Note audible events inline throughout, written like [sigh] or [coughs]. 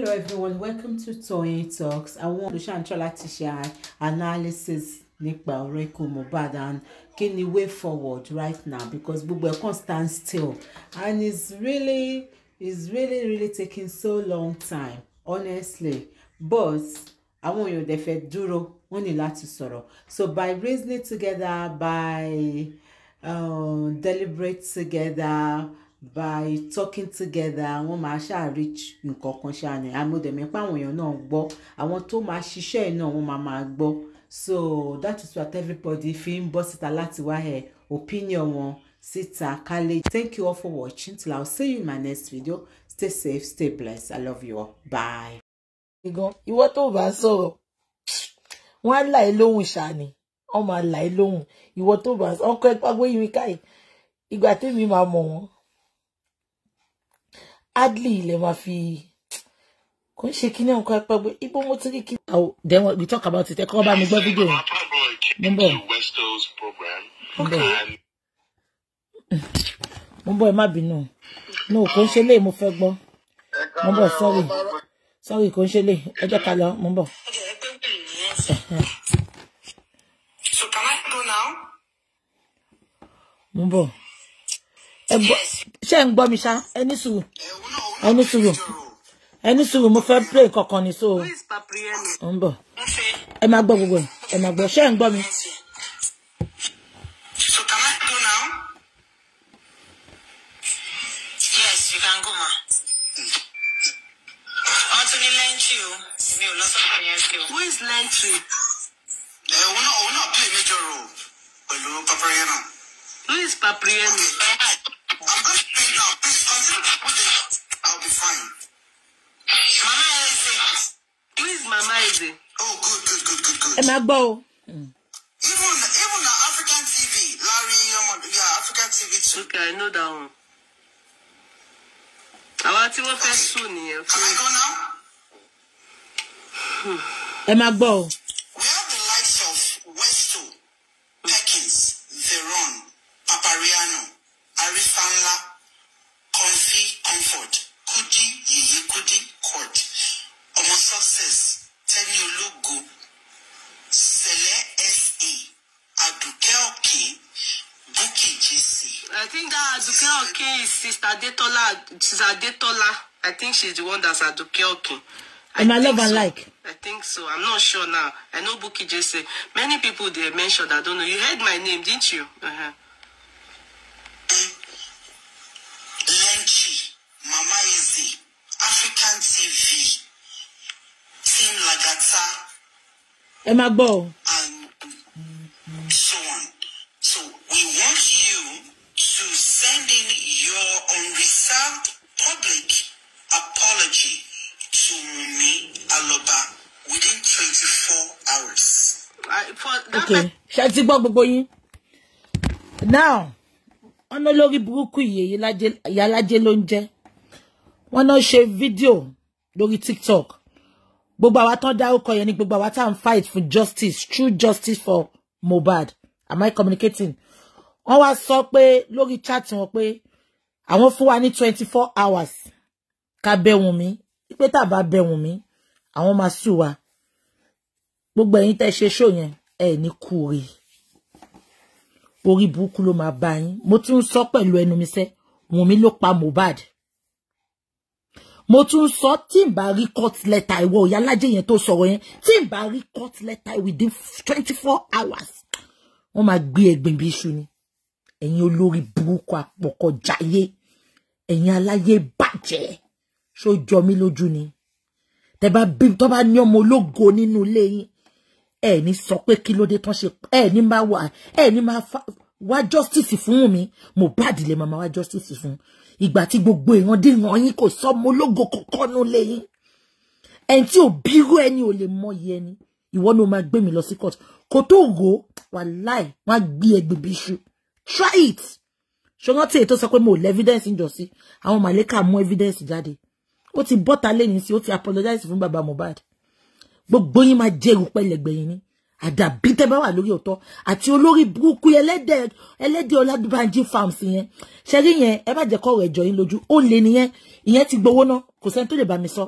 hello everyone welcome to Toyeen Talks àwọn olùṣàǹtọ́ láti ṣe analysis nípa ọ̀rọ̀ ikú Mohbad and kí ni way forward right now because gbogbo ẹ̀ kàn stand still and it's really it's really really taking so long time honestly but àwọn èèyàn dẹ̀ fẹ́ dúró wọ́n ní láti sọ̀rọ̀ so by reasoning together by um, deliberate together by talking together àwọn máa ṣáà reach nǹkan kan ṣáà ní àmọ́dẹ̀mí pé àwọn èèyàn náà gbọ́ àwọn tó máa ṣiṣẹ́ ẹ̀ náà wọ́n máa máa gbọ́ so that is what everybody fi ń bọ́ síta láti wá ẹ̀ opinion wọn síta kálẹ̀. thank you all for watching till i will see you in my next video stay safe stay blessed i love you all bye. ìwọ tó bá sọ̀rọ̀ wọ́n á là é lóhùn ṣáni wọ́n máa là é lọ́hùn ìwọ tó bá ọkọ̀ ẹ̀pá gbóyìnká yìí ìgbà tèmi máa mọ̀ wọ́n hardly ilẹ̀ máa fi kò ń ṣe kíní ọ̀kan ẹ̀pẹ́ gbé ibo mo ti rí kíní. then we talk about it ẹ kọ́ bá mi gbọ́ fídíò yẹn mo ń bọ̀ mo ń bọ̀ ẹ no kò ń ṣe lè mo fẹ́ gbọ́ mo ń sorry sorry kò ń ṣe lè ẹjọ́ ká lọ mo ń So can I go now? mo ń bọ̀ ẹ gbọ́ ṣé ń mi ṣá ẹ su ẹni sùúrù ẹni sùúrù mo fẹ́ play kankan ni so ń bọ̀ ẹ máa gbọ́ gbogbo ẹ máa gbọ́ ṣé ẹ gbọ́ o. Hmm. even even na African TV láàrin iyan um, African TV okay I know that one. àwa tí wọ́n fẹ́ sùn nìyẹn fún. am I gone now. ẹ máa gbọ́ o. we have the likes of Westo Perkins Veron Papariano Arifanla Comfy Comfort Kudi Yeye Kudi Court ọmọ success Tẹ́ni Ológo think that Aduke Oki is Sister Detola. She's Adetola. I think she's the one that's Aduke Oki. I and I love so. and like. I think so. I'm not sure now. I know Buki just said many people they mentioned. I don't know. You heard my name, didn't you? Uh-huh. Lenchi, Mama Izzy, African TV, Team Lagata, Emma Bow, and so on. So we want sending your unreserved public apology to Wunmi Aloba within twenty-four hours. okay ṣe ti gbọ́ gbogbo now wọn ná lórí burúkú yìí ìyálájé ló ń jẹ́ video, náà tiktok gbogbo àwa tán dárúkọ yẹn ni gbogbo fight for justice true justice for Mobad. am I communicating? wọ́n wá sọ pé lórí chat wọn pé àwọn fún wa ní twenty four hours ká bẹ̀ wọ́n mi pé tá a bá bẹ̀ wọ́n mi àwọn máa sùn wa gbogbo ẹ̀yin tẹ́ ṣe ṣó yẹn ẹ ní kú rè orí burúkú ló máa bá yín mo tún sọ pẹ̀lú ẹnu mi sẹ́ wọ́n mi ló pa Mohbad mo tún sọ tí n bá rí court letter ìwọ ìyá alájẹ yẹn tó sọ̀rọ̀ yẹn tí n bá rí court letter within twenty four hours wọ́n máa gbé ẹ̀gbìn bí iṣu ni ẹ̀yin olórí burúkú àpọ̀kọjáyé ẹ̀yin aláyé bàjẹ́ ṣó jọ lójú ni tẹ bá bí tó bá ní ọmọ ológo nínú ilé yín ẹ ní sọ pé kí ló dé tán ṣe ẹ ní máa wà ẹ ní máa wá justice fún mi Mohbad lè máa wá justice fún ìgbà tí gbogbo èèyàn dìran yín kò sọ ọmọ ológo kọkọ nínú ilé yín ẹni tí ò bírú ẹni ò lè mọyì ẹni ìwọ ni o máa gbé mi lọ sí court kò tó rò wà láì wọn á gbé ẹgbẹ bí try it ṣùgbọ́n tí èyí tó sọ pé mo ò evidence ń jọ sí àwọn màlẹ́kà mú evidence jáde ó ti bọ́ta lẹ́yìn sí ó ti apologize fún bàbá Mohbad gbogbo yín máa jẹ́ ìrùpẹ́ lẹ́gbẹ̀yìn ni àdàbí tẹ́ bá wà lórí ọ̀tọ̀ àti olórí burúkú ẹlẹ́dẹ̀ ẹlẹ́dẹ̀ ọ̀làdúbànjí farms yẹn ṣẹ́rí yẹn ẹ má jẹ́ kọ́ ọ̀rọ̀ ẹ̀jọ̀ yín lójú ó lè nìyẹn ìyẹn ti gbowó náà kò sẹ́ni tó lè bá mi sọ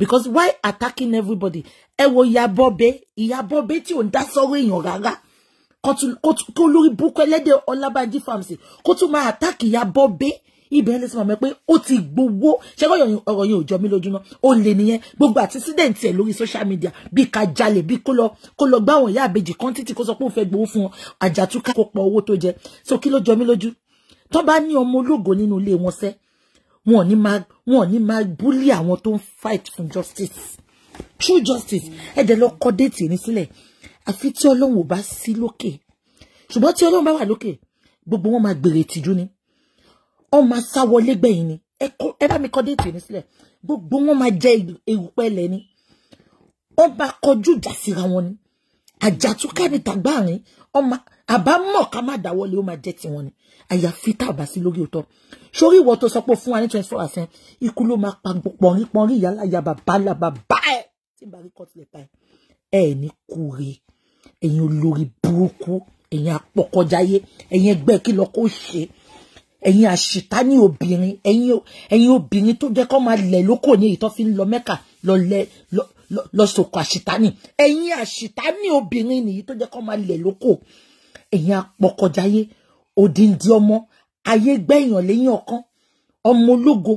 because why attacking everybody ẹ wo ìyá bọ́bẹ ìyá bọ́bẹ tí ò ń dá sọ́rọ̀ èèyàn rárá kó lórí burúkú ẹlẹ́dẹ̀ ọlábànjí farms kó tún máa àtàkì ìyá bọ́bẹ́ ibẹ̀ ẹni tí màmá pé ó ti gbowó ṣẹ́gbọ́n ọ̀rọ̀ yìí ò jọ mí lójúmọ́ ó lè nìyẹn gbogbo àtisídẹ̀ǹtì ẹ̀ lórí social media bí ká jalè bí kó lọ kó lọ gbá àwọn ìyá àbejì kan títí kó sọ pé òun fẹ́ gbowó fún ọ àjàtúkà kó pọ̀ owó tó jẹ so kí ló jọ mí lójú tó bá ní ọmọ ológo nínú ilé wọn sẹ́ wọn ò ní máa búlí àwọn tó ń fight fún justice true justice ẹ̀dẹ̀ lọ kọ́ déètì ní sílẹ̀ àfi tí ọlọ́run ò bá sí lókè ṣùgbọ́n tí ọlọ́run bá wà lókè gbogbo wọn máa gbèrè tìjú ni wọn máa sá wọlé gbẹ̀yìn ni ẹ bá mi kọ́ déètì mi sílẹ̀ gbogbo wọn máa jẹ erùpẹ̀ lẹ̀ ni wọn bá kọjú ìjà síra wọn ni àjàtúkà ní tàgbáàrin ọmọ àbámọ̀ ká má dáwọ́lé ó máa jẹ́ tiwọn ni àyàfi tá a bá sí lórí òótọ́ sórí ìwọ tó sọ pé fún wa ní twenty four percent ikú ló máa pa pọ̀nrín pọ̀nrín ìyá láyà bàbá làbàbá ẹ̀ tí bá rí kọ́ tilẹ̀ pa ẹ̀ ẹ̀ ní kúre ẹ̀yin olórí burúkú ẹ̀yin apọ̀kọjáyé ẹ̀yin ẹgbẹ́ kí lọ kó ṣe ẹ̀yin àṣìtání obìnrin ẹ̀yin obìnrin tó jẹ́ kó máa lẹ̀ lóko ní èyí tó fi ń lọ mẹ́kà lọ lẹ̀ lọ lọ sọkọ àṣìtánì ẹ̀yin àṣìtánì obìnrin nìyí tó jẹ́ kó máa lẹ̀ lóko ẹ̀yin apọkọjáyé òdìndí ọmọ ayé gbẹ̀yàn lẹ́yìn ọ̀kan ọmọ ológo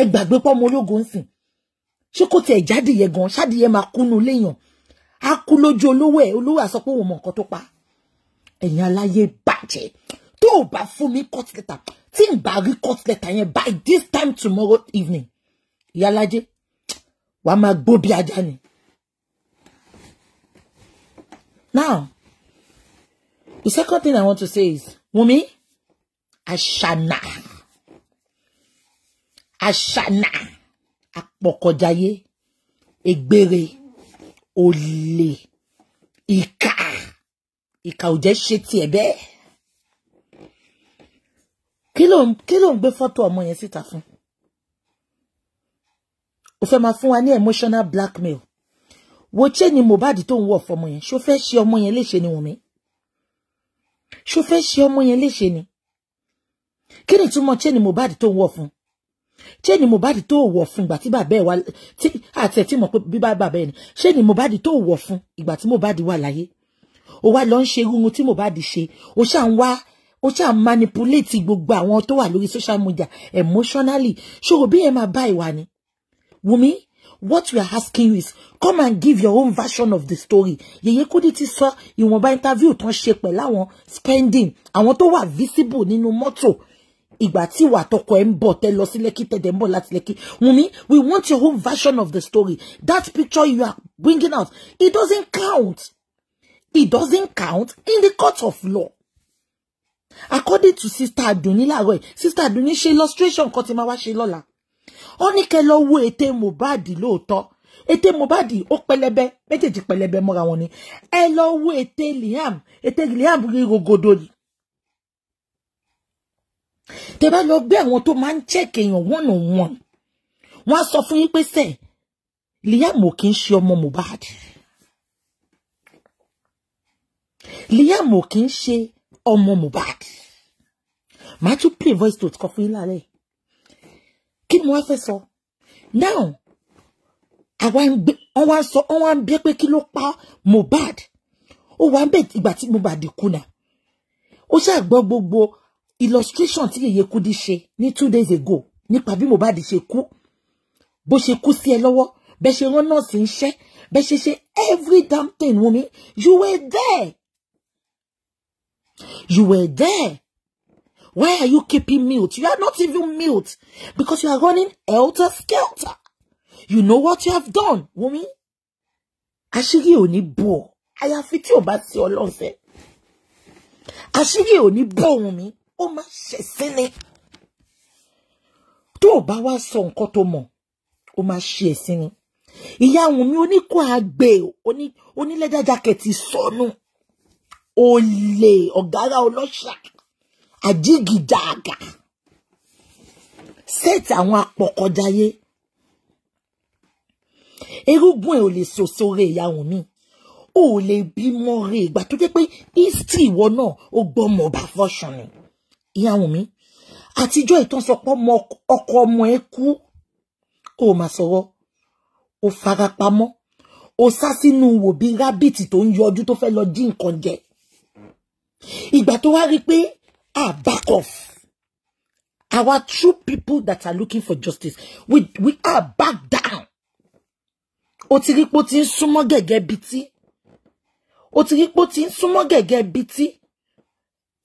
ẹ pọ ọmọ ológo ń sìn ṣé kò tiẹ̀ jáde yẹ gan ṣáàdì yẹ máa kúnú léèyàn á kú lójú olówó ẹ̀ olówó á sọ pé òun mọ nǹkan tó pa ẹ̀yin aláyé bàjẹ́ tó o bá fún mi court letter tí n bá rí court letter yẹn by this time tomorrow evening ìyálàjẹ wàá máa gbó bí ajá ni. now the second thing i want to say is wunmi aṣana aṣana apọkọjayé egbere olè ìkà ìkà ò jẹ́ ṣe tiẹ̀ bẹ́ẹ̀ kí ló kí ló ń gbé fọ́tò ọmọ yẹn síta fún o fẹ́ máa fún wa ní emotional blackmail wo ṣé ni Mohbad tó ń wọ̀ fọmọ yẹn ṣó fẹ́ ṣe ọmọ yẹn léṣe ni Wùnmí ṣó fẹ́ ṣe ọmọ yẹn léṣe ni kí ni túmọ̀ ṣé ni Mohbad tó ń wọ̀ fún ṣé ni Mohbad tó wọ̀ fún ìgbà tí bàbá ẹ̀ wà tí àti ẹ̀ tí mọ̀ pé bíbá bàbá ẹ̀ ni ṣé ni Mohbad tó wọ̀ fún ìgbà tí Mohbad wà láyé ó wá lọ ń ṣe irun tí Mohbad ṣe ó ṣáà ń wá ó ṣáà manipulate gbogbo àwọn tó wà lórí social media emotionally ṣòro bí ẹ máa bá ìwà ni Wumi what we are asking you is come and give your own version of the story Yèyé Kudi ti sọ ìwọ̀nba interview tán ṣe pẹ̀lú àwọn spending àwọn tó wà visible nínú mọ́tò ìgbà tí ìwà àtọkọ ẹ ń bọ̀ tẹ lọ sí lẹ́kì tẹ̀dẹ̀ ń bọ̀ láti lẹ́kì wùmí we want your own version of the story that picture you are bringing out it doesn't count it doesn't count in the court of law according to sister Adunni láàárọ̀ sister Adunni ṣe illustration kan tí máa wá ṣe lọ́la ó ní kẹ́ lọ wo ète Mohbad lóòótọ́ ète Mohbad ó pẹlẹbẹ méjèèjì pẹlẹbẹ mọ́ra wọn ni ẹ lọ wo ète Liam ète Liam rí rogodo ni tẹ bá lọ gbé àwọn tó máa ń check èèyàn one on one wọn á sọ fún yín pé sẹ Liam ò kì í ṣe ọmọ Mohbad Liam ò kì í ṣe ọmọ Mohbad màá tún play voice note kan fún yín lálẹ́ kí ni mo wá fẹ́ sọ now àwa ń gbé wọn wá sọ wọn wá ń bí pa Mohbad ó wà ń bẹ ìgbà tí Mohbad kú náà ó ṣáà gbọ́ illustration tí Yèyé Kudi ṣe ní two days ago nípa bí Mohbad ṣe kú bó ṣe kú sí ẹ lọ́wọ́ bẹ́ẹ̀ ṣe ran nọ́ọ̀sì ń ṣẹ́ bẹ́ẹ̀ ṣe every damn thing woman. you were there you were there why are you keeping mute you are not even mute because you are running helter skelter you know what you have done Wunmi àṣírí ò ní bò àyàfi tí ò bá sí ọlọ́ọ̀fẹ́ àṣírí ò ní bò Wunmi ó máa ṣẹ̀sín ni tó o bá wá sọ nǹkan tó mọ̀ ó máa ṣe ẹ̀sín ni ìyá àwọn mi oníkó àgbè onílẹ́jà jákẹ́ẹ̀tì sọnù olè ọ̀gára ọlọ́ṣà àjígidàgà sẹ́ẹ̀tì àwọn apọ̀kọjáyé erúgbọ́n ẹ̀ ò lè soso rẹ̀ ìyá àwọn mi ò lè bímọ rẹ̀ ìgbà tó jẹ́ pé history ìwọ náà ó gbọ́ bá fọ́ṣùn ni ìyá wùn mí àtijọ́ ìtàn sọ pé ọkọ ọmọ ẹ kú ó mà sọ̀rọ̀ ó fara pamọ́ ó sá sínú wò bí rábìtì tó ń yọjú tó fẹ́ lọ jí nǹkan jẹ ìgbà tó wá rí i pé ah back off our true people that are looking for justice we we are back down O ti rí pé ó ti ń súnmọ́ gẹ́gẹ́ bíi tí ó ti rí pé ó ti ń súnmọ́ gẹ́gẹ́ bíi tí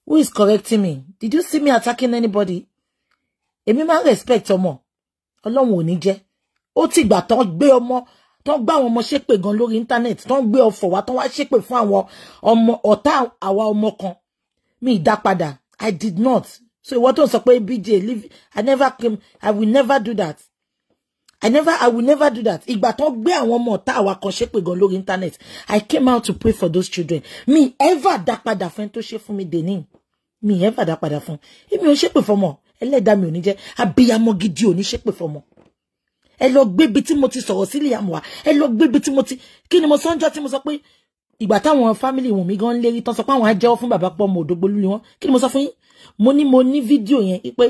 Who is correcting me? Did you see me attacking anybody? Èmi máa respect ọmọ. Ọlọ́run ò ní jẹ́. Ó ti gbà tán gbé ọmọ tán gbá àwọn ọmọ ṣépè gan lórí íńtánẹ́ẹ̀tì tán gbé ọfọ̀ wá tán wá ṣépè fún àwọn ọmọ ọ̀tá àwa ọmọ kan. Mi ì dá padà. I did not. So what? tó ń sọ BJ leave I never came I will never do that. I never, I will never do that. Ìgbà tó gbé àwọn ọmọ ọ̀tá àwa kan ṣépè gan lórí internet. I came out to pray for those children. Me ever dá padà fún ẹni tó ṣe fún mi dèní. Mi ever dá padà fún. Èmi ò ṣépè fọmọ. Ẹlẹ́dàá mi ò ní jẹ́. Abiyamọ gidi ò ní ṣépè fọmọ. Ẹ lọ gbébi tí mo ti sọ̀rọ̀ sí Liam wa. Ẹ lọ gbébi tí mo ti. Kí mo sọ ń jọ́ tí mo sọ pé ìgbà táwọn fámìlì wọn mi gan lérí tán sọ pé àwọn á jẹ́wọ́ fún bàbá pọ̀ mọ́ òdògbó lulẹ̀ wọn. Kí mo sọ fún yín? Mo ní mo ní video yẹn pé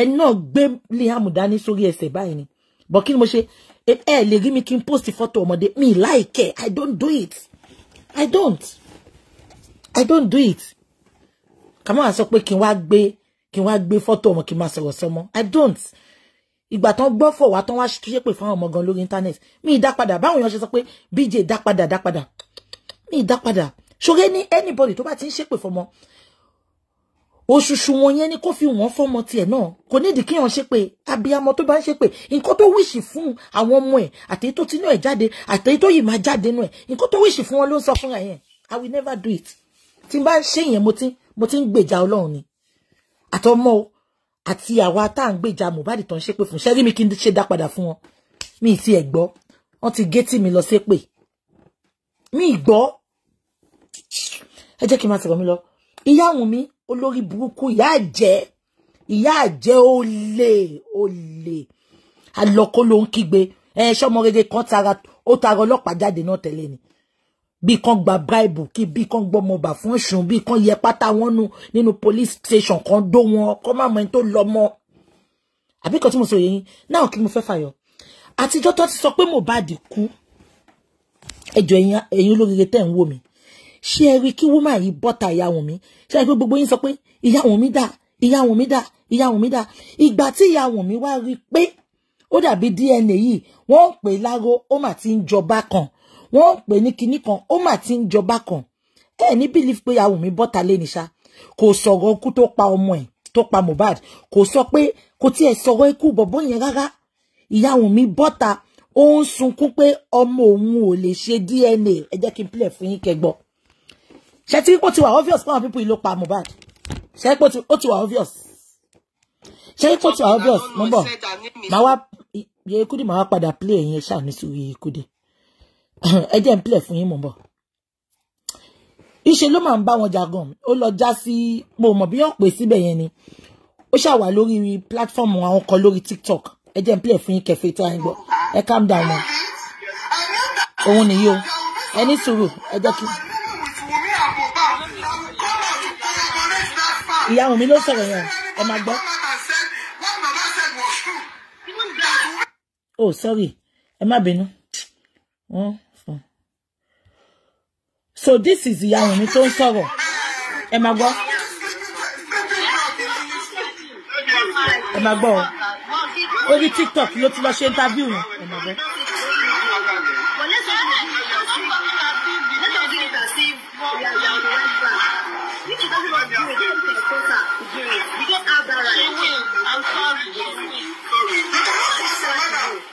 ẹni náà gbé Liam dání sórí ẹsẹ̀ báyìí ni but kí ni mo ṣe ẹ lè rí mi kí n post fọ́tò ọmọdé mi láìkẹ́ i don't do it i don't i don't do it Come on, sọ pé kí n wá gbé kí n photo, gbé fọ́tò ọmọ kí n i don't ìgbà tán gbọ́ fọ̀ wá tán wá ṣe pé fáwọn ọmọ gan lórí internet mi dá padà báwọn èèyàn ṣe sọ pé bj dá padà dá padà mi dá padà ṣoré ní anybody to tó bá ti ń ṣépè fọmọ òṣùṣù wọn yẹn ni kó fi wọn fọmọ tiẹ̀ náà kò nídìí kí wọn ṣe pé abiyamọ tó bá ń ṣe pé nǹkan tó wíṣì fún àwọn ọmọ ẹ̀ àtẹyí tó tinú ẹ̀ jáde àtẹyí tó yìí máa jáde nù ẹ̀ nǹkan tó wíṣì fún wọn ló ń sọ fún yẹn i will never do it tí n bá ń ṣe yẹn mo ti mo ti ń gbèjà Ọlọ́run ni àtọmọ o àti àwa tá à ń gbèjà Mohbad tó ń ṣe pé fún ṣẹ́rí mi kí n ṣe dá padà fún wọn mi ì tiẹ̀ gbọ́ wọ́n ti gé tì lọ sépè mi ì gbọ́ ẹ jẹ́ kí n máa sọ̀rọ̀ mi lọ ìyá àwọn mi olórí burúkú ìyá àjẹ́ ìyá àjẹ́ olè olè alọkó ló ń kígbe ẹ ṣọmọ rere kan tara ó tara ọlọ́pàá jáde náà tẹ́lẹ̀ ni bí kan gba bíráìbù kí bí kan gbọmọba fún ṣùn bí kan yẹ pátá wọn nu nínú police station kan dó wọn kọ má mọ ẹni tó lọ mọ àbí kan tí mo sọ yẹn náà kí mo fẹ́ fàyọ àtijọ́ tó ti sọ pé Mohbad kú ẹjọ́ ẹ̀yin olóríire tẹ́ ń wò mí ṣé ẹ rí kí woman yìí bọ́ta ìyá wọn mi ṣé ẹ rí pé gbogbo yín sọ pé ìyá wọn mi dà ìyá wọn mi dà ìyá wọn mi dà ìgbà tí ìyá wọn mi wá rí pé ó dàbí DNA yìí wọ́n ń pè láro ó mà ti ń jọba kan wọ́n ń pè ní kinní kan ó mà ti ń jọba kan ẹ ní believe pé ìyá wọn mi bọ́ta lé ní ṣá kò sọ̀rọ̀ ikú tó pa ọmọ ẹ̀ tó pa Mohbad kò sọ pé kò tiẹ̀ sọ̀rọ̀ ikú bọ̀bọ̀ yẹn rárá ìyá wọn mi bọ́ta ó ń sunkún pé ọmọ òun ò lè ṣe DNA ẹ jẹ́ kí n plẹ̀ fún yín kẹgbọ́n ṣe tí ó ti wà obvious fún àwọn pípọ̀ ìlú pa Mohbad ṣe pé ó ti wà obvious ṣe pé ó ti wà obvious mo bọ̀ màá wá Yéyékúdì màá wá padà play ẹ̀yin ṣáà ní sùúrù Yéyékúdì [coughs] ẹ jẹ́ ń play fún yín mo bọ̀ ìṣe ló máa ń bá wọn jagan ó lọ já sí mo mọ̀ bí wọ́n pè síbẹ̀ yẹn ni ó ṣàwà lórí platform àwọn kan lórí TikTok ẹ jẹ́ ń play fún yín kẹfẹ́ tó à ń gbọ́ ẹ calm down wọn òun nìyí o ẹ ní sùúrù ẹ jẹ́ kí. ìyá àwọn mi ló sọ̀rọ̀ yẹn ẹ máa gbọ́. oh sorry ẹ má bínú. so this is ìyá àwọn mi tó ń sọ̀rọ̀ ẹ máa gbọ́. ẹ máa gbọ́ o orí tiktok ló ti lọ ṣe interview yẹn ẹ máa gbọ́.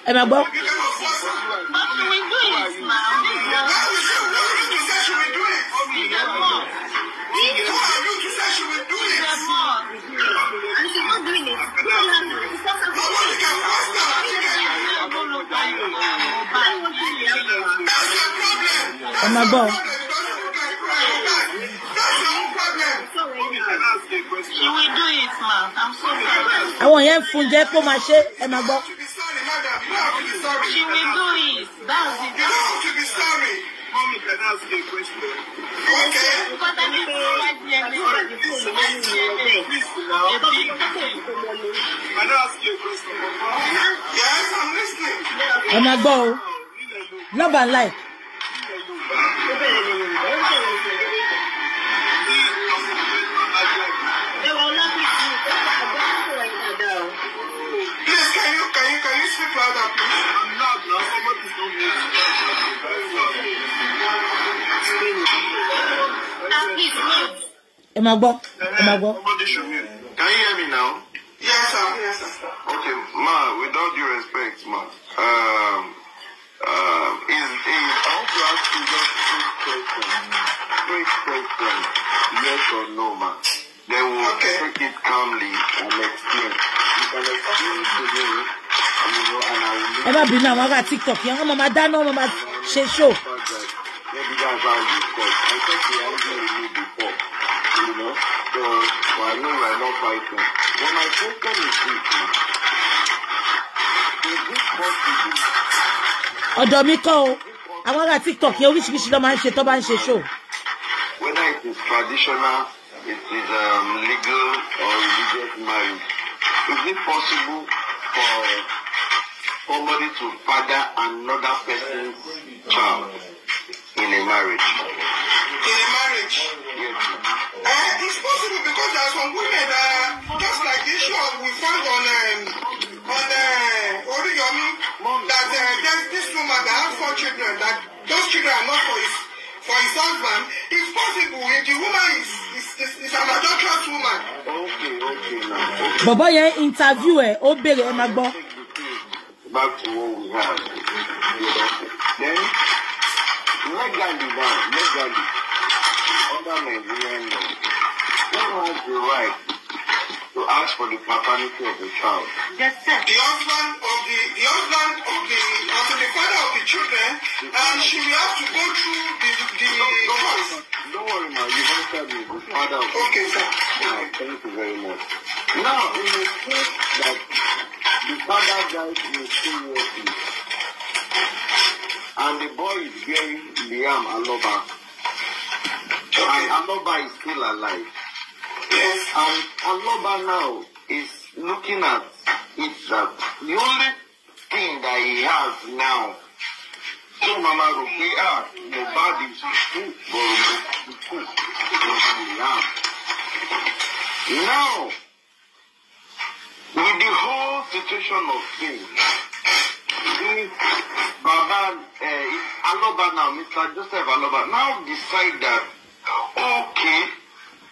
and ẹ máa gbọ́. ẹ máa gbọ́. àwọn yẹn ń fún jẹ́ kó máa ṣe é ẹ máa gbọ́ sorry. She will do it. That's it? thing. You don't have to be sorry. Mommy can ask you a question. Okay. Because I need to provide me everybody. Please, please, now. Can I ask you a question? Yes, I'm listening. I'm not going. Love and life. ẹ máa gbọ́ eh, ẹ máa gbọ́. Can you hear me now? Yes sir. Yes sir. Okay ma without due respect ma um, um, is is I want to ask you just quick question quick question yes or no ma then we will okay. take it calmly and explain you can explain to me I will. ẹ bá bínú àwọn ará TikTok yẹn wọn máa dáná wọn máa ṣe show. a little bit know. So, but I know I love Python. But my question is this, man. Is it possible? Ọ̀dọ̀ mi kọ́ o, àwọn ará TikTok yẹn oríṣiríṣi ló máa ń ṣe tó bá ń ṣe show. Whether it is traditional, it is um, legal or religious marriage, is it possible for somebody to father another person's child in a marriage? In a marriage. Uh, it's possible because there are some women that uh, just like this show we found on um, on uh, Oriyomi that uh, there's this woman that has four children that those children are not for his for his husband. It's possible if the woman is is is, is an adulterous woman. Okay, okay, now. Bọ̀bọ̀ yẹn interview eh? ó eh, ẹ̀ máa gbọ́. Back to what we have. Then, legally now, legally under Nigerian law, who has the right to ask for the paternity of the child? Yes, sir. The husband of the, the husband of the, also the father of the children, the uh, and she will have to go through the, the no, don't, worry, ma'am. don't worry, ma. You've answered me. The father of Okay, sir. Yeah, thank you very much. Now, in the case that the father died in a serious and the boy is bearing Liam Aloba. I, Aloba is still alive. Yes. And Aloba now is looking at it that the only thing that he has now so mama rò pé à is too, bọ̀rọ̀ mo kú lọ́sùn ìyá. Now with the whole situation of things Baba uh, Aloba now Mr. Joseph Aloba now decide that okay,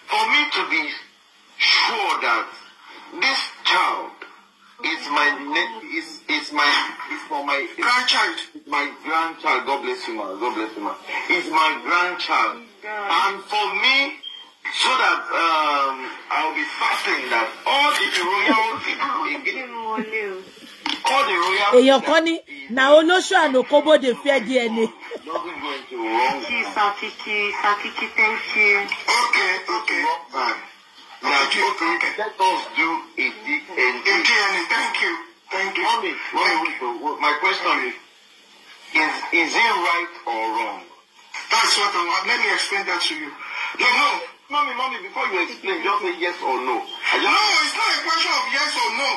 for me to be sure that this child is my is is my is for my grandchild. My grandchild. God bless you, ma. God bless you, ma. Is my grandchild, and for me, so that um, I'll be fasting that all the royal people all the royal. èèyàn kan ní na olóṣù àná kó bóde fẹ́ díẹ̀ Thank you, Satiki. thank you. Okay, okay. Bye. Thank you. Okay. Let us do a DNA. A DNA. Thank you. Thank you. Mommy, thank you. My question is, is, is it right or wrong? That's what I'm, uh, let me explain that to you. No, no. Mommy, mommy, before you explain, just say yes or no. No, it's not a question of yes or no.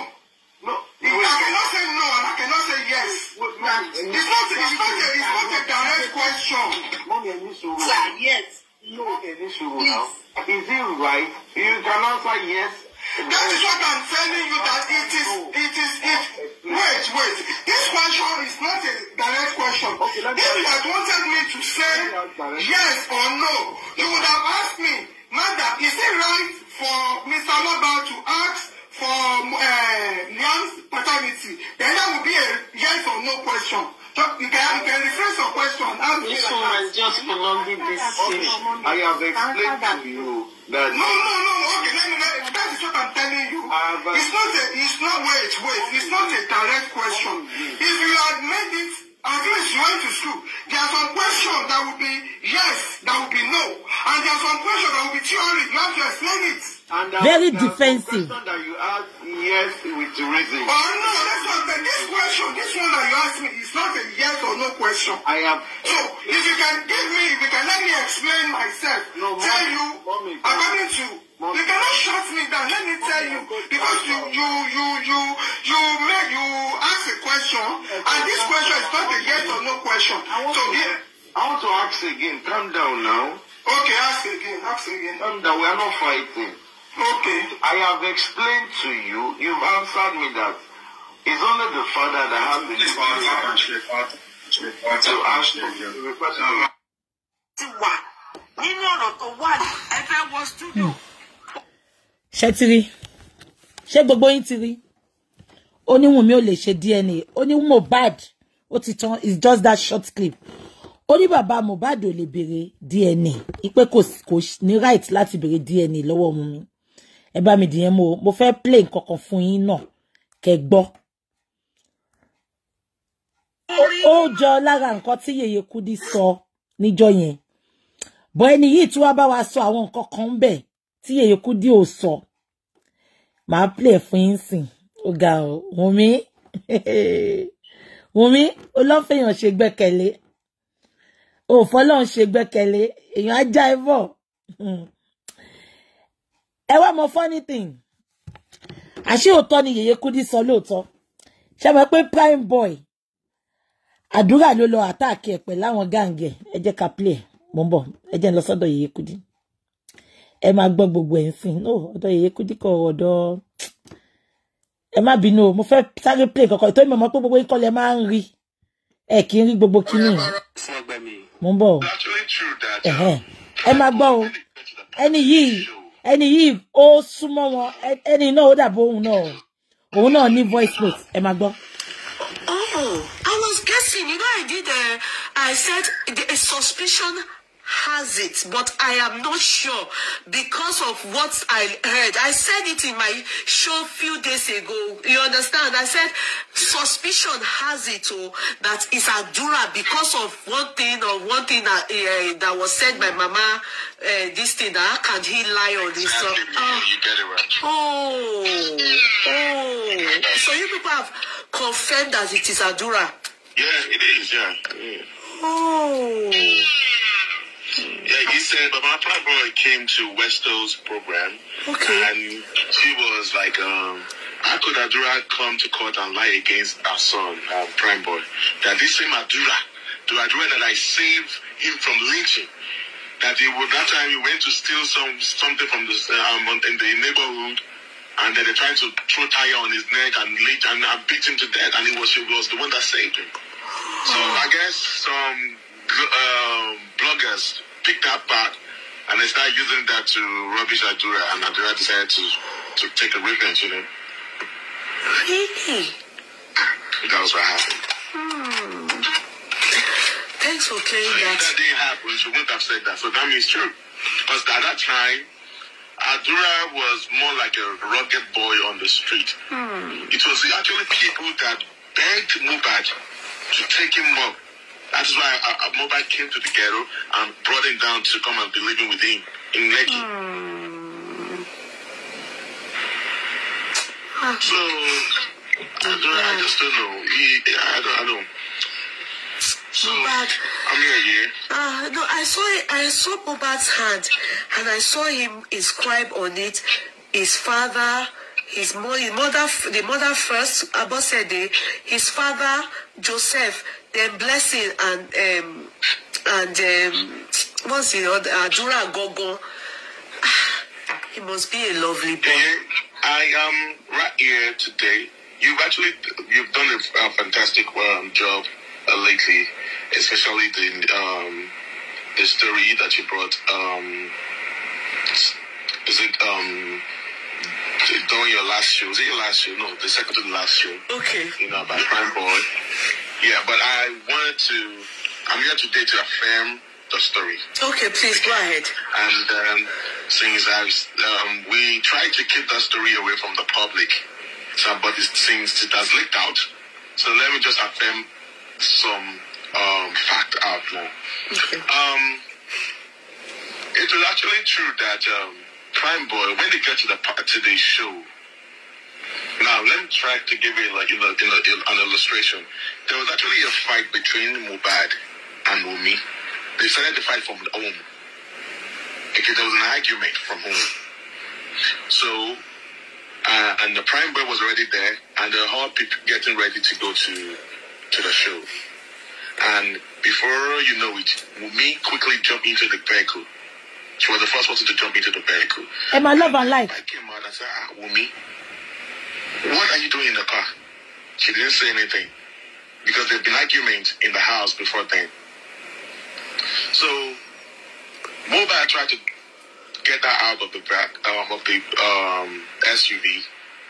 No. I cannot say no and I cannot say yes. Wait, no, it's, not, it's, not a, it's not a direct question. Mommy, yes. No, okay, now. Is it right? You can answer yes. That is what I'm telling you that it is, it is, it, wait, wait. This question is not a direct question. Okay, if you had wanted me to say yes or no, you would have asked me, Mother, is it right for Mr. Loba to ask for uh, paternity, then there will be a yes or no question. So you can, you can rephrase your question. this one is just prolonging this series. I have explained to you that. No, no, no. Okay, let me. Let, that is what I'm telling you. Uh, it's not a. It's not wait, wait. It's not a direct question. If you admit it At least you went to school. There are some questions that will be yes, that will be no. And there are some questions that will be theory. You have to explain it. And there, Very there defensive. Are some that you ask yes with reason. Or no, information. I have. So, if you can give me, if you can let me explain myself, no, mommy, tell you, mommy, according to, mommy. you cannot shut me down. Let me tell you, because you, you, you, you, you make, you ask a question, and this question is not a yes or no question. So, here. I want to ask again. Calm down now. Okay, ask again. Ask again. Calm down. We are not fighting. Okay. I have explained to you. You've answered me that it's only the father that has the power ti wà nínú ọ̀rọ̀ tó wà ní ẹ fẹ́ wọ studio. ṣé ti rí ṣé gbogbo yín ti rí ó ní Wùnmí ò lè ṣe DNA ó ní Mohbad ó ti tán it's just that short clip ó ní bàbá Mohbad ò lè béèrè DNA ipe kò ní right láti béèrè DNA lọ́wọ́ Wùnmí ẹ bá mi dìyẹn mo fẹ́ play nǹkan kan fún yín náà kẹ́ gbọ́ ó jọ lára nǹkan tí Yèyé Kudi sọ níjọ́ yẹn bọ́ ẹni yìí tí wàá bá wa sọ àwọn nǹkan kan bẹ̀ tí Yèyé Kudi ò sọ màá play fún yín sìn ó ga ọ Wùnmí [laughs] Wùnmí olófèèyàn ṣe gbẹ́kẹ̀lé òfọlọ́n ṣe gbẹ́kẹ̀lé èèyàn á ẹ bọ̀ ẹ wá mọ funny thing àṣé òótọ́ ni Yèyé Kudi sọ lóòótọ́ ṣe mọ̀ pé prime boy àdúrà ló lọ àtàkì ẹ pẹ̀lú àwọn gáǹgẹ ẹ jẹ́ ká play mo bọ̀ ẹ lọ sọ́dọ̀ yèyé kudi ẹ máa gbọ́ gbogbo ẹ̀ ń sìn no ọ̀dọ̀ yèyé kudi kọ ọ̀dọ̀ ẹ má bínú o mo fẹ́ sáré play kọ̀ọ̀kan ìtọ́ ìmọ̀ pé gbogbo yín lẹ máa ń rí ẹ kì í rí gbogbo kíní mo bọ̀ ẹ máa gbọ́ o ẹni yìí ẹni yìí ó súnmọ́ wọn ẹni náà ó dàbò òun náà òun náà ní voice note ẹ máa gbọ́. Oh guessing. You know, I did. Uh, I said the, a suspicion has it, but I am not sure because of what I heard. I said it in my show few days ago. You understand? I said suspicion has it, oh, that is Adura because of one thing or one thing that, uh, that was said by Mama. Uh, this thing, how uh, can he lie on this? Uh, uh oh, oh. So you people have confirmed that it is Adura. Yeah, it is, yeah. Oh. Yeah, he said, but my father came to Westo's program. Okay. And she was like, um, how could Adura come to court and lie against our son, our um, prime boy? That this same Adura, the Adura that I saved him from lynching, that he would, that time he went to steal some something from the, um, in the neighborhood and then they tried to throw tire on his neck and lead and beat him to death and it was she was the one that saved him. So I guess some um, bloggers picked that part and they started using that to rubbish Adura, and Adura decided to, to take a revenge, you know. Really? That was what happened. Hmm. Thanks for clearing so that. If that didn't happen, she wouldn't have said that. So that means true. Because at that time, Adura was more like a rugged boy on the street. Hmm. It was actually people that begged Mubad to take him up. That's why a I, Mobile came to the ghetto and brought him down to come and be living with him in Lekki. Mm. So I, don't, I just don't know. He, I don't. I don't. So, Mubad. I'm here, yeah. Uh, no, I saw I saw Mubad's hand, and I saw him inscribe on it his father his, mother, the mother first, said, his father, Joseph, then Blessing, and, um, and um, what's the other, Adura Gogo. [sighs] he must be a lovely boy. I am right here today. You've actually, you've done a, a fantastic um, job uh, lately, especially the, um, the story that you brought, um, is it, um, actually done your last show. Was it your last show? No, the second to the last show. Okay. You know, by Prime Boy. Yeah, but I wanted to, I'm here today to affirm the story. Okay, please go ahead. And um, since I've, um, we tried to keep that story away from the public, so, but it, it has leaked out, so let me just affirm some um, fact out now. Okay. Um, it was actually true that um, Prime Boy, when they get to the to the show, now let me try to give you like you know, you know, an illustration. There was actually a fight between Mubad and Wumi. They started the fight from home. Okay, there was an argument from home. So, uh, and the Prime Boy was already there, and the whole people getting ready to go to to the show. And before you know it, Wumi quickly jumped into the vehicle she was the first person to jump into the vehicle. And my love and life. I came out and said, ah, Wumi, what are you doing in the car? She didn't say anything because there had been arguments in the house before then. So, Moba tried to get that out of the back um, of the um, SUV,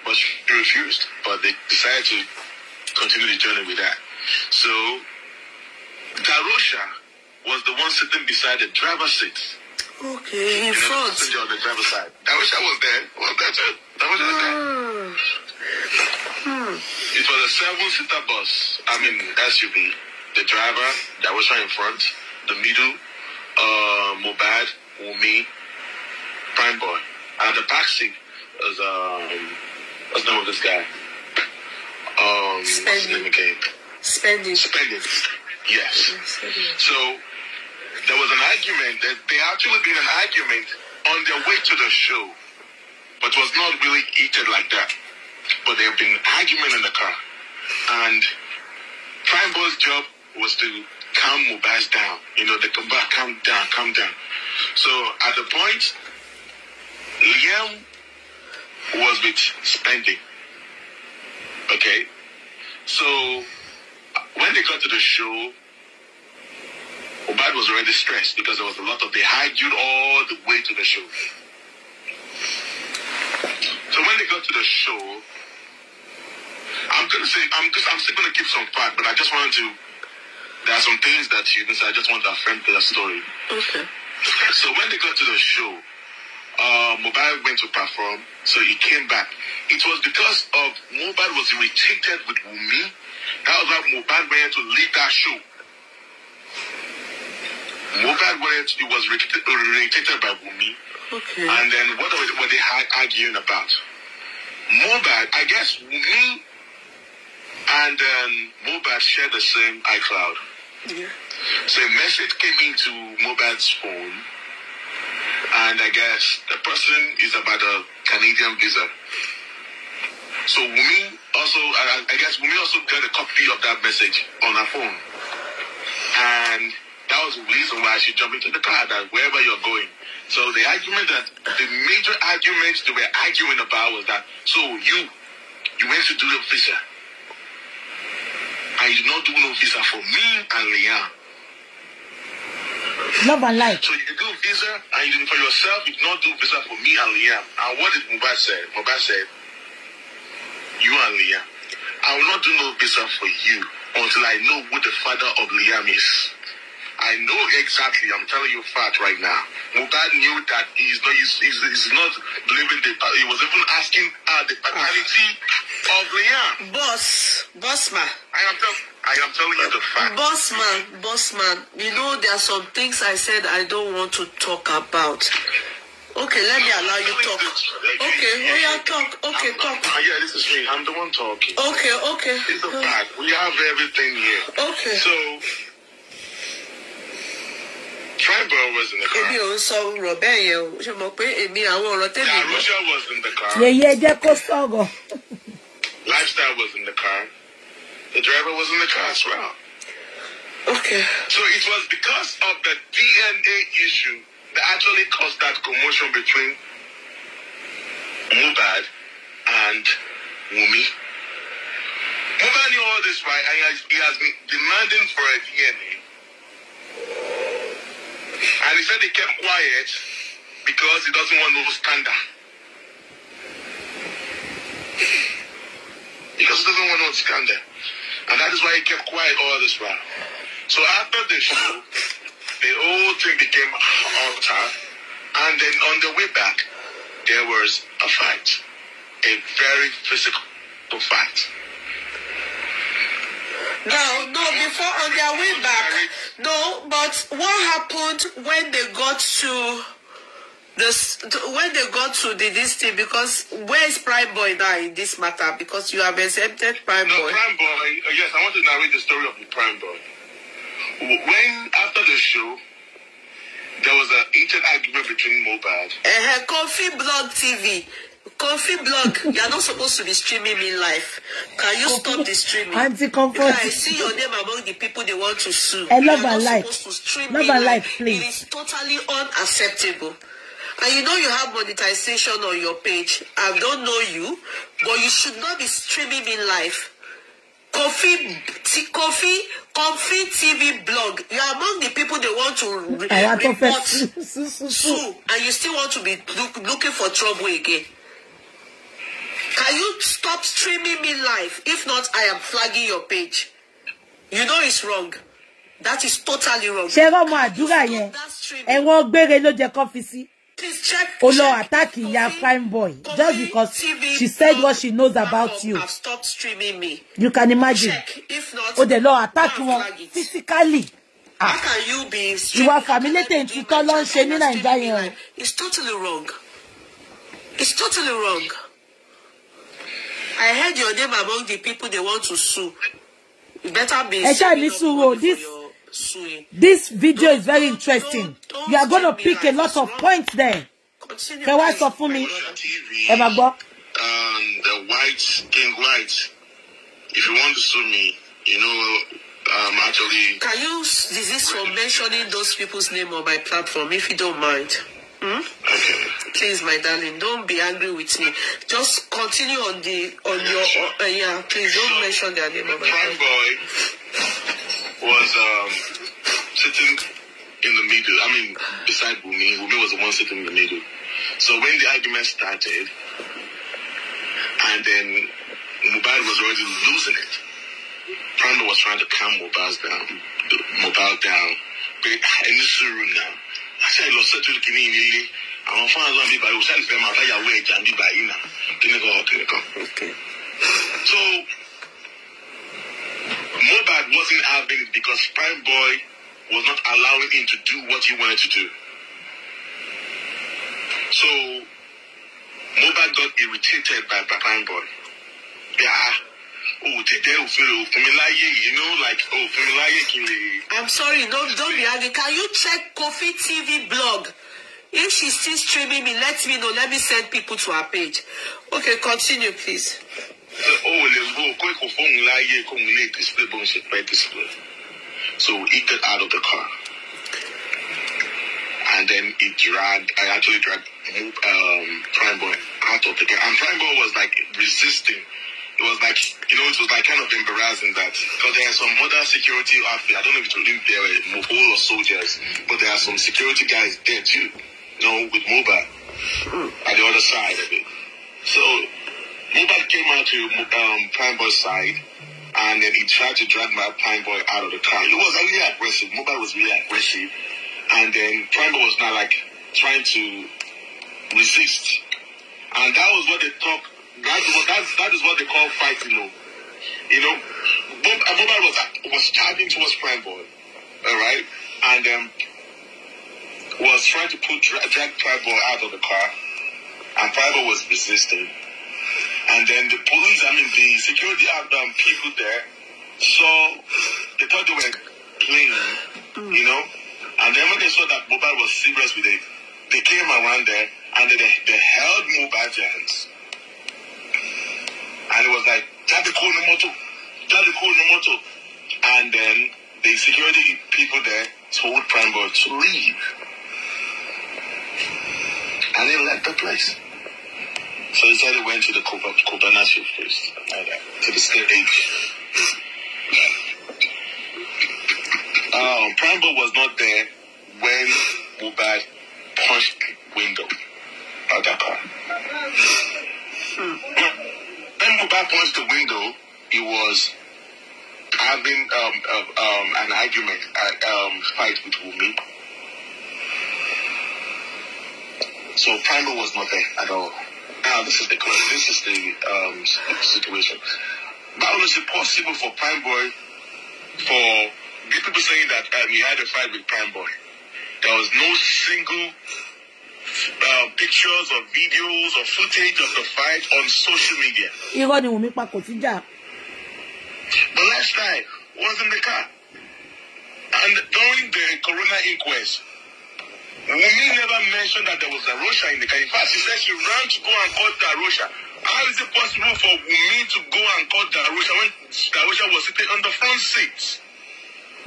but she refused. But they decided to continue the journey with that. So, Darosha was the one sitting beside the driver's seat. Okay, he froze. Passenger on the driver's side. I wish I was there. Was that it? I wish I was there. Hmm. It was a seven-seater bus. I mean SUV. The driver, that was right in front, the middle, uh, Mubad, Wumi, Prime Boy. And the back seat is um, what's the name of this guy? Um, Spending. what's the name again? Spending. Spending. Yes. Spending. So there was an argument that they actually did an argument on their way to the show, but was not really heated like that. But there have been an argument in the car, and Prime Boy's job was to calm Mubaz down. You know, they come back, calm down, calm down. So at the point, Liam was with spending. Okay, so when they got to the show, Obad was already stressed because there was a lot of, they you all the way to the show. So when they got to the show, I'm gonna say I'm just I'm still gonna keep some fat, but I just wanted to. There are some things that you say. I just want to affirm to the story. Okay. So when they got to the show, uh, Mobile went to perform, so he came back. It was because of Mobile was irritated with Wumi. That was why Mobile went to lead that show. Mobile wanted it was rejected by Wumi. Okay. And then what were they arguing about? Mobile, I guess Wumi and um, Mobile shared the same iCloud. Yeah. So a message came into Mobile's phone, and I guess the person is about a Canadian visa. So Wumi also, I, I guess Wumi also got a copy of that message on her phone, and that was the reason why I should jump into the car, that wherever you're going. So the argument that the major arguments they were arguing about was that so you you went to do the visa. I did not do no visa for me and Leanne. Love and light. So you do visa and you it for yourself, you do not do visa for me and Liam. And what did Mubarak say? Mubarak said, You and Liam. I will not do no visa for you until I know who the father of Liam is. I know exactly. I'm telling you fact right now. Mubai knew that he's not. He's, he's, he's not believing the. He was even asking uh, the paternity oh. of Liam. Boss, boss man. I am telling. I am telling you the fact. Boss man, boss man. You know there are some things I said I don't want to talk about. Okay, let me allow you talk. Okay, we oh are talk. Okay, talk. Uh, yeah, this is me. I'm the one talking. Okay, okay. It's a fact. We have everything here. Okay. So Bible was in the car. Èmi ò ń sọ ọ̀rọ̀ bẹ́ẹ̀ yẹn o. Ṣé mo pé èmi àwọn ọ̀rọ̀ tẹ̀lé mi? Darusha was in kó sọ̀rọ̀. Lifestyle was in the car. The driver was in the car as well. Okay. So it was because of the DNA issue that actually caused that commotion between Mubad and Wumi. Mubad knew all this, right? And he has, he has been demanding for a DNA. And he said he kept quiet because he doesn't want no scandal. Because he doesn't want no scandal. And that is why he kept quiet all this while. So after the show, the whole thing became altar. And then on the way back, there was a fight. A very physical fight. Now, no, before on their way back, no, but what happened when they got to this when they got to the this thing because where is prime boy now in this matter because you have exempted prime boy prime boy uh, yes i want to narrate the story of the prime boy when after the show there was an heated argument between mobad uh, eh, coffee eh, blog tv Coffee blog, are not supposed to be streaming me live. Can you stop the streaming? Auntie Comfort. I see your name among the people they want to sue. And love and life. Love and life, please. It is totally unacceptable. And you know you have monetization on your page. I don't know you, but you should not be streaming me live. Coffee, t- coffee, coffee TV blog. You are among the people they want to report sue, and you still want to be look, looking for trouble again. Can you stop streaming me live? If not, I am flagging your page. You know it's wrong. That is totally wrong. Ṣé ọmọ àdúrà yẹn? Ẹ̀wọ̀n gbére ló jẹ́ kọ́fí sí. Please check. Olo attack ya prime boy just because TV she said what she knows about you. Have stopped streaming me. You can imagine. Check. If not, o de lo attack wọn physically. Ah. How can you be ìwà fàmílétè ntutọ́ ló ń ṣe ní Nàìjíríà yẹn o. It's totally wrong. It's totally wrong. I heard your name among the people they want to sue. You better be. Eshani Suwo, this suing. this video don't, is very don't, interesting. Don't, don't you are going to pick like a lot of points there. Continue. Can what's up for me? Ever go? Um, the whites, king whites. If you want to sue me, you know, um, actually. Can you desist from mentioning those people's name on my platform if you don't mind? Hmm? Okay. Please, my darling, don't be angry with me. Just continue on the on your uh, yeah. Please don't so, mention their name. The prime boy was um, sitting in the middle. I mean, beside Bumi, Bumi was the one sitting in the middle. So when the argument started, and then Mubad was already losing it. Prime was trying to calm Mubad down. Mubad down. But uh, in this room now. àṣà ìlọ sẹ́tùrù kìíní ìrẹ́lẹ́ àwọn fáwọn náà bíbá yìí òṣèlú fẹ́ máa bá yàwó ẹ̀jà ń bíbá yìí náà kíní kan So Mohbad wasn't having because Prime Boy was not allowing him to do what he wanted to do. So Mohbad got irritated by Prime Boy. Yeah o òfin òfin mi láyé like oh, òfin mi I'm sorry no don't be angry can you check Kofi TV blog if she's still streaming me let me know let me send people to her page okay continue please. o ò lè gbọ́ kó èkó fóun láyé kó òun lè display bó ń ṣe pẹ́ display so he get out of the car and then he dragged I actually dragged um, Prime Boy out of the car and Prime Boy was like resisting. it was like, you know, it was like kind of embarrassing that because there are some other security outfit. I don't know if you believe there were eh, mobile or soldiers, but there are some security guys there too, you know, with mobile at the other side of it. So mobile came out to um, Prime Boy's side. And then he tried to drag my Prime Boy out of the car. It was really aggressive. Mobile was really aggressive. And then Prime Boy was not like trying to resist. And that was what they talked that's what that's what they call fighting. You know, you know, Bob, uh, Bob was was charging towards Prime Boy, all right, and um, was trying to put drag Prime Boy out of the car, and Prime Boy was resisting, and then the police, I mean the security uh, um, people there, saw they thought they were playing, mm. you know, and then when they saw that Mobile was serious with it, they came around there and they, they held Mobile hands and it was like, Daddy call the motor. Daddy call the motor. And then the security people there told Prambo to leave. And he left the place. So he said he went to the Kobanasio first, to the state. Um, Prambo was not there when Mubad punched window at that car. Hmm when Buba points the window, he was having um, uh, um, an argument, uh, um, fight with Wumi. So Primo was not there at all. Now ah, this is the this is the um, situation. How is it possible for Prime Boy, for people saying that um, he had a fight with Prime Boy? There was no single uh, pictures or videos or footage of the fight on social media. irọ́ ni Wùmí pa kò sí jà. the last night was in the car and during the coroner inquest Wunmi never mentioned that there was a Russia in the car. In fact, she said she ran to go and call Darosha. How is it possible for Wunmi to go and call Darosha when Darosha was sitting on the front seat?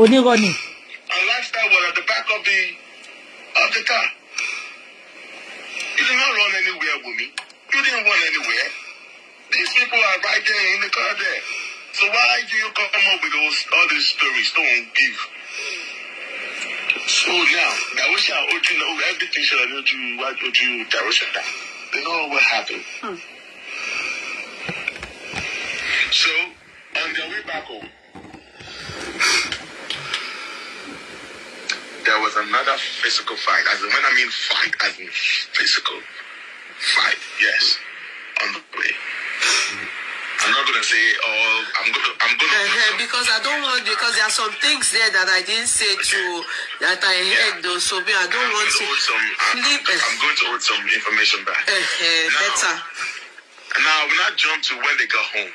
Onírọ́ ni. And last time was at the back of the of the car. You did not run anywhere with me. You didn't run anywhere. These people are right there in the car there. So why do you come up with those other stories? Don't give. So now, that was how you know everything should have you what you do that. They know what happened. Hmm. So on their way back home. there was another physical fight. As in, when I mean fight, as in physical fight, yes, on the way. I'm not gonna say all. Oh, I'm gonna. I'm gonna. Uh-huh, because I don't want. Because there are some things there that I didn't say okay. to that I heard yeah. though. So I don't I'm want to. Some, uh, I'm, I'm, going to hold some information back. Uh-huh, now, better. Now when I jump to when they got home,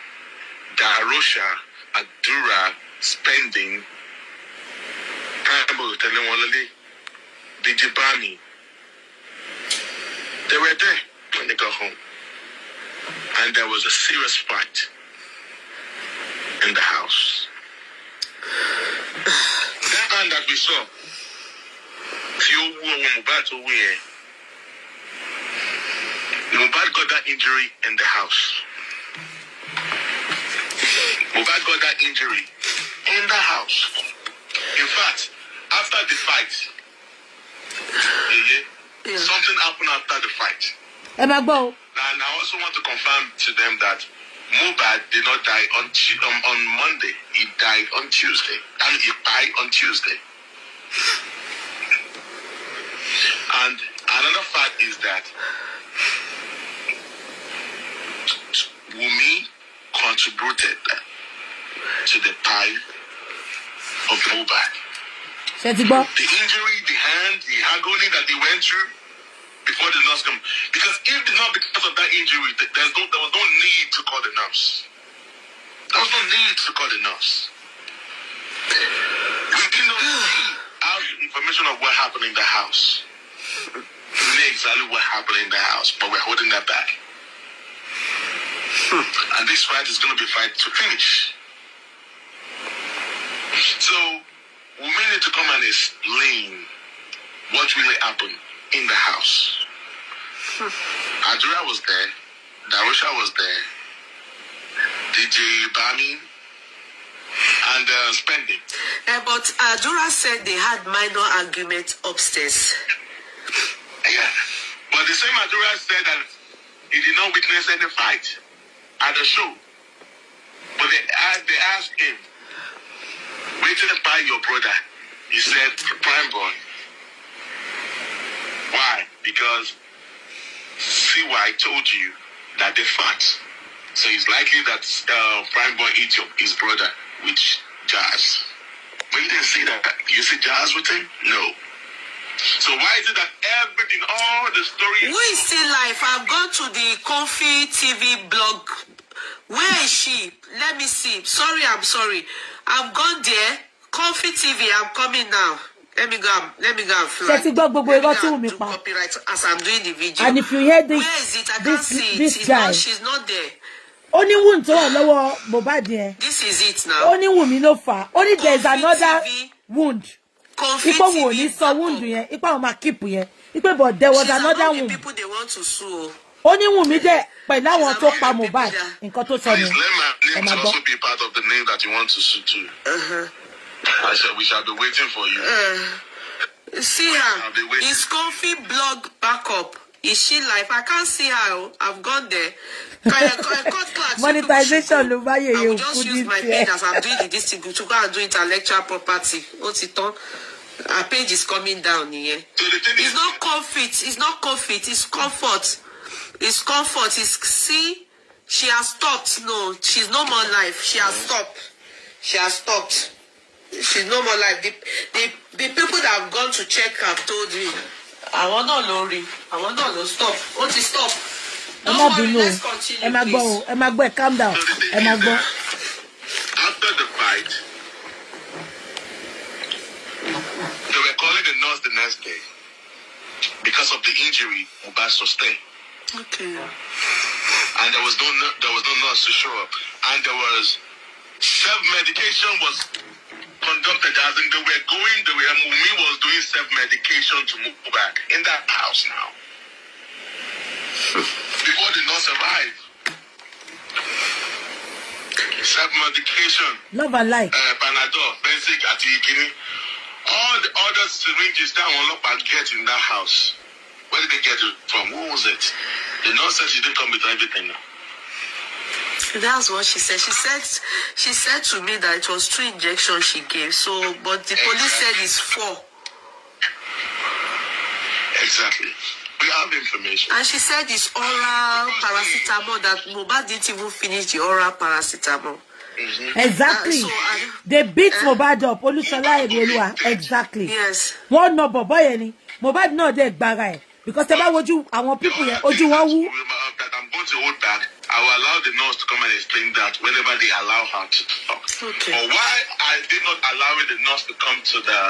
Darusha, Adura, spending Káyọ̀bọ̀ tẹ̀lé wọn lọlé Dèjì Báàmì. They were there when they got home. And there was a serious fight in the house. That hand that we saw, tí ó wú ọwọ́ Mohbad tó wú yẹn, Mohbad got that injury in the house. Mohbad got that injury in the house. In fact, after the fight, yeah. something happened after the fight. And I, also want to confirm to them that Mubad did not die on, um, on Monday. He died on Tuesday. And he died on Tuesday. And another fact is that Wumi contributed to the pie of the whole Jehovah. The injury, the hand, the agony that they went through before the nurse come. Because if not because of that injury, there's no, there was no need to call the nurse. There was no need to call the nurse. We did not see information of what happened in the house. We knew exactly what happened in the house, but we're holding that back. Hmm. And this fight is going to be fight to finish. So we need to come and explain what really happened in the house. Hmm. Adura was there, Darusha was there, DJ Bami, and uh, Spending. Uh, but Adura said they had minor argument upstairs. Yeah, but the same Adura said that he did not witness any fight at the show. But they, uh, they asked him, written by your brother. He said, prime boy. Why? Because see why I told you that the fought. So it's likely that uh, prime boy eats your, his brother, which Jazz. But you didn't see that. You see Jazz with him? No. So why is it that everything, all the stories... Who is still life? I've gone to the Kofi TV blog. Where is she? Let me see. Sorry, I'm sorry. I've gone there. Comfy TV, I'm coming now. Let me go. Let me go. Ṣé Let gbọ́ gbogbo irọ́ tí Wùmí copyright As I'm doing the video. And if you hear this, where is it? I this, can't see this it. It's guy. Not, she's not there. Ó ní Wùmí tó wà lọ́wọ́ Mohbad yẹn. This is it now. Ó ní Wùmí ló fà. Ó ní there is another TV, wound. Comfy Ipò wò ní sọ wound yẹn. Ipò àwọn máa keep yẹn. Ipò but there was she's another wound. She's among the people they want to sue. Oh ó ní Wùnmí dẹ̀ pẹ̀lú àwọn tó pa Mohbad nǹkan tó sọ ni ẹ máa gbọ́. Uh-huh. I shall, we shall be waiting for you. Uh, see her. Is Kofi blog backup? Is she live? I can't see her. Oh. I've gone there. [laughs] Monetization ló bá yẹ yẹ òkú ní tiẹ̀. I will just use my page as I'm doing the this thing to go and do intellectual property. Ó ti tán. Her page is coming down nìyẹn. it's not comfort. It's not comfort. It's comfort. It's comfort. Is see, she has stopped. No, she's no more life. She has mm. stopped. She has stopped. She's no more life. The, the, the people that have gone to check have told me. Àwọn náà ló rí. Àwọn náà ló stop. Ó ti stop. Ẹ má bínú o. Ẹ má gbọ́ Ẹ má gbọ́ ẹ calm down. Ẹ má gbọ́. After the fight, they were calling the nurse the next day because of the injury Mohbad sustained. Okay. And there was no there was no nurse to show up, and there was self medication was conducted as in they were going, they were Mumi was doing self medication to move back in that house now. Hmm. Before the nurse survive. Self medication. Love and life. Uh, Panadol, Benzik, Ati Ikini. All the other syringes that one up and get in that house. Where did they get it from? Who was it? The nurse said she didn't come with everything That's what she said. She said she said to me that it was two injections she gave. So, but the exactly. police said it's four. Exactly. We have information. And she said it's oral paracetamol that Mohbad didn't even finish the oral paracetamol. Mm-hmm. Exactly. Uh, so I, they beat uh, Mohbad up. Olusola Ereolua. Exactly. Yes. Wọ́n number bọ̀bọ́ yẹn ni. Mohbad náà dẹ̀ because tẹ́ bá wojú àwọn pípù yẹn ojú wọn wú. I'm going to hold back. I will allow the nurse to come and explain that whenever they allow her to talk. Okay. But why I did not allow the nurse to come to the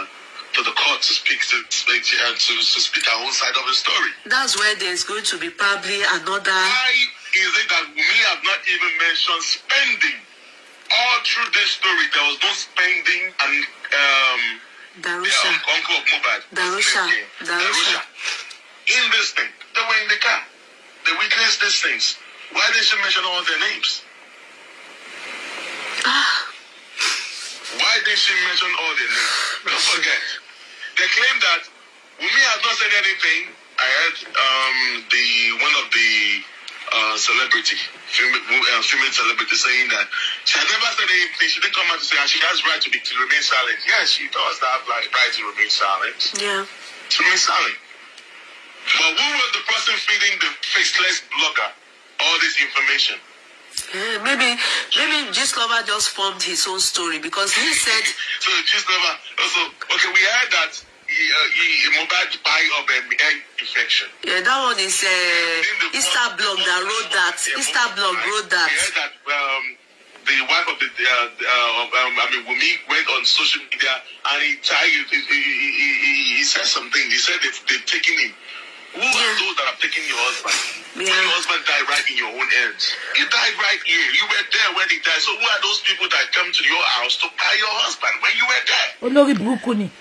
to the court to speak to, speak to, uh, to, to speak her own side of the story. That's where there's going to be probably another. Why is it that we have not even mentioned spending? All through this story, there was no spending and um. Darusha. Yeah, uncle of Mubad. Darusha. Darusha. Darusha. in this thing. They were in the car. They witnessed these things. Why did she mention all their names? Ah. Why did she mention all their names? Don't forget. They claim that Wumi has not said anything. I heard um, the one of the uh, celebrity, female, uh, female celebrity, saying that she had never said anything. She didn't come out to say, and she has right to, be, to remain silent. Yes, yeah, she does have like, right to remain silent. Yeah. To remain silent. But who was the person feeding the faceless blogger all this information? Yeah, maybe maybe lover just formed his own story because he said. so lover, also okay. We heard that he, uh, he Mohbad died of an egg infection. Yeah, that one is uh, Easter blog that wrote that. Easter blog wrote that. We heard that um, the wife of the uh, uh, of, um, I mean Wumi went on social media and he tried. he, he, he, he said something. He said they've, they've taken him Who are those that are taking your husband? Yeah. Your husband died right in your own hands. He died right here. You were there when he died. So who are those people that come to your house to buy your husband when you were there? no, burúkú ni.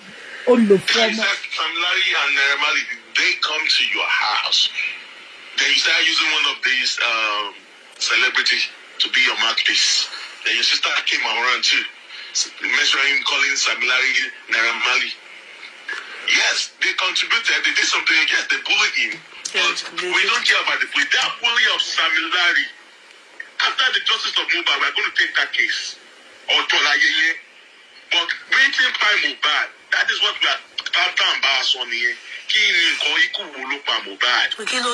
Olùfọ́mọ. Sam Larry and Naira they come to your house. Then you start using one of these um, celebrities to be your mouthpiece. Then your sister came around too, measuring, calling Sam Larry, Yes, they contributed. They did something. Yes, they bullied him. But we don't care about the police. That bully of Samilari, after the justice of Mubad, we're going to take that case. Or Tolayeye. But waiting by Mubad, that is what we are after and bars on here. Kí ni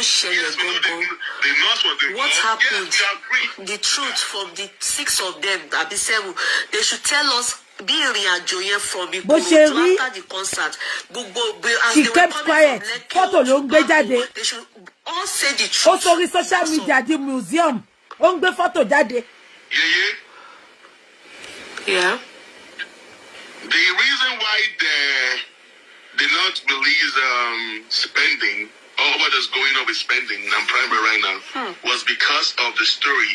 share ikú wo ló The nurse was What happened? Yes, The truth from the six of them, àbí seven, they should tell us bí ìrìn àjò yẹn from Ìkòròdú after the concert gbogbo as she they were coming quiet. from Lekki fọ́tò ló ń they should all say the truth. ó sórí social media di museum ó ń gbé fọ́tò jáde. yeye. Yeah. The reason why they did not release um, spending or what is going on with spending and primary right now hmm. was because of the story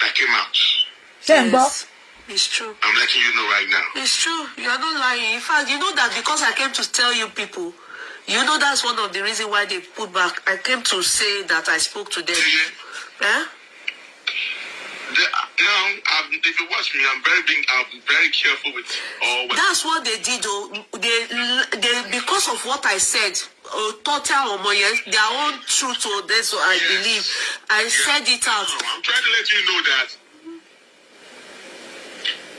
that came out. Yes. yes. It's true. I'm letting you know right now. It's true. You are not lying. In fact, you know that because I came to tell you people, you know that's one of the reasons why they put back. I came to say that I spoke to them. Yeah. Eh? The, now, I'm, if you watch me, I'm very being, I'm very careful with all. that's what they did, though. They, they because of what I said, uh, total ọmọ yẹn their own truth. Oh, that's what I yes. believe. I yeah. said it out. I'm trying to let you know that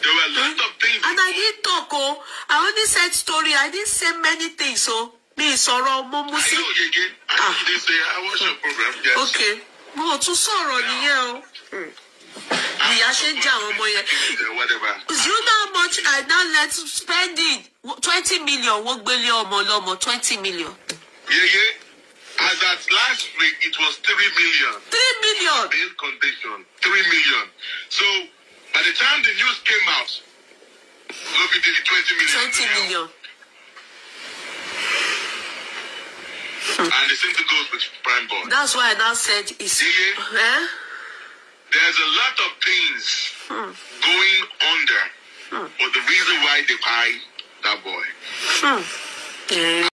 There were a lot of things. And I didn't talk, oh. I only said story. I didn't say many things, oh. Me sorrow, mumu mú I know you again. I ah. know this day. I ah, watch your program. Yes. Okay. Mo to sorrow sọ̀rọ̀ nìyẹn o. Oh. Hmm. Ìyá ṣe ń jẹ àwọn ọmọ you know how much I now let it. Twenty million what billion ọmọ lọ́mọ twenty million. Yeah, yeah. As at last week, it was three million. Three million. In condition, three million. So By the time the news came out, look at the 20 million. 20 million. Hmm. And the same thing goes with Prime Bond. That's why I now said it's. Eh? There's a lot of things hmm. going under, hmm. For the reason why they buy that boy. Hmm. Yeah.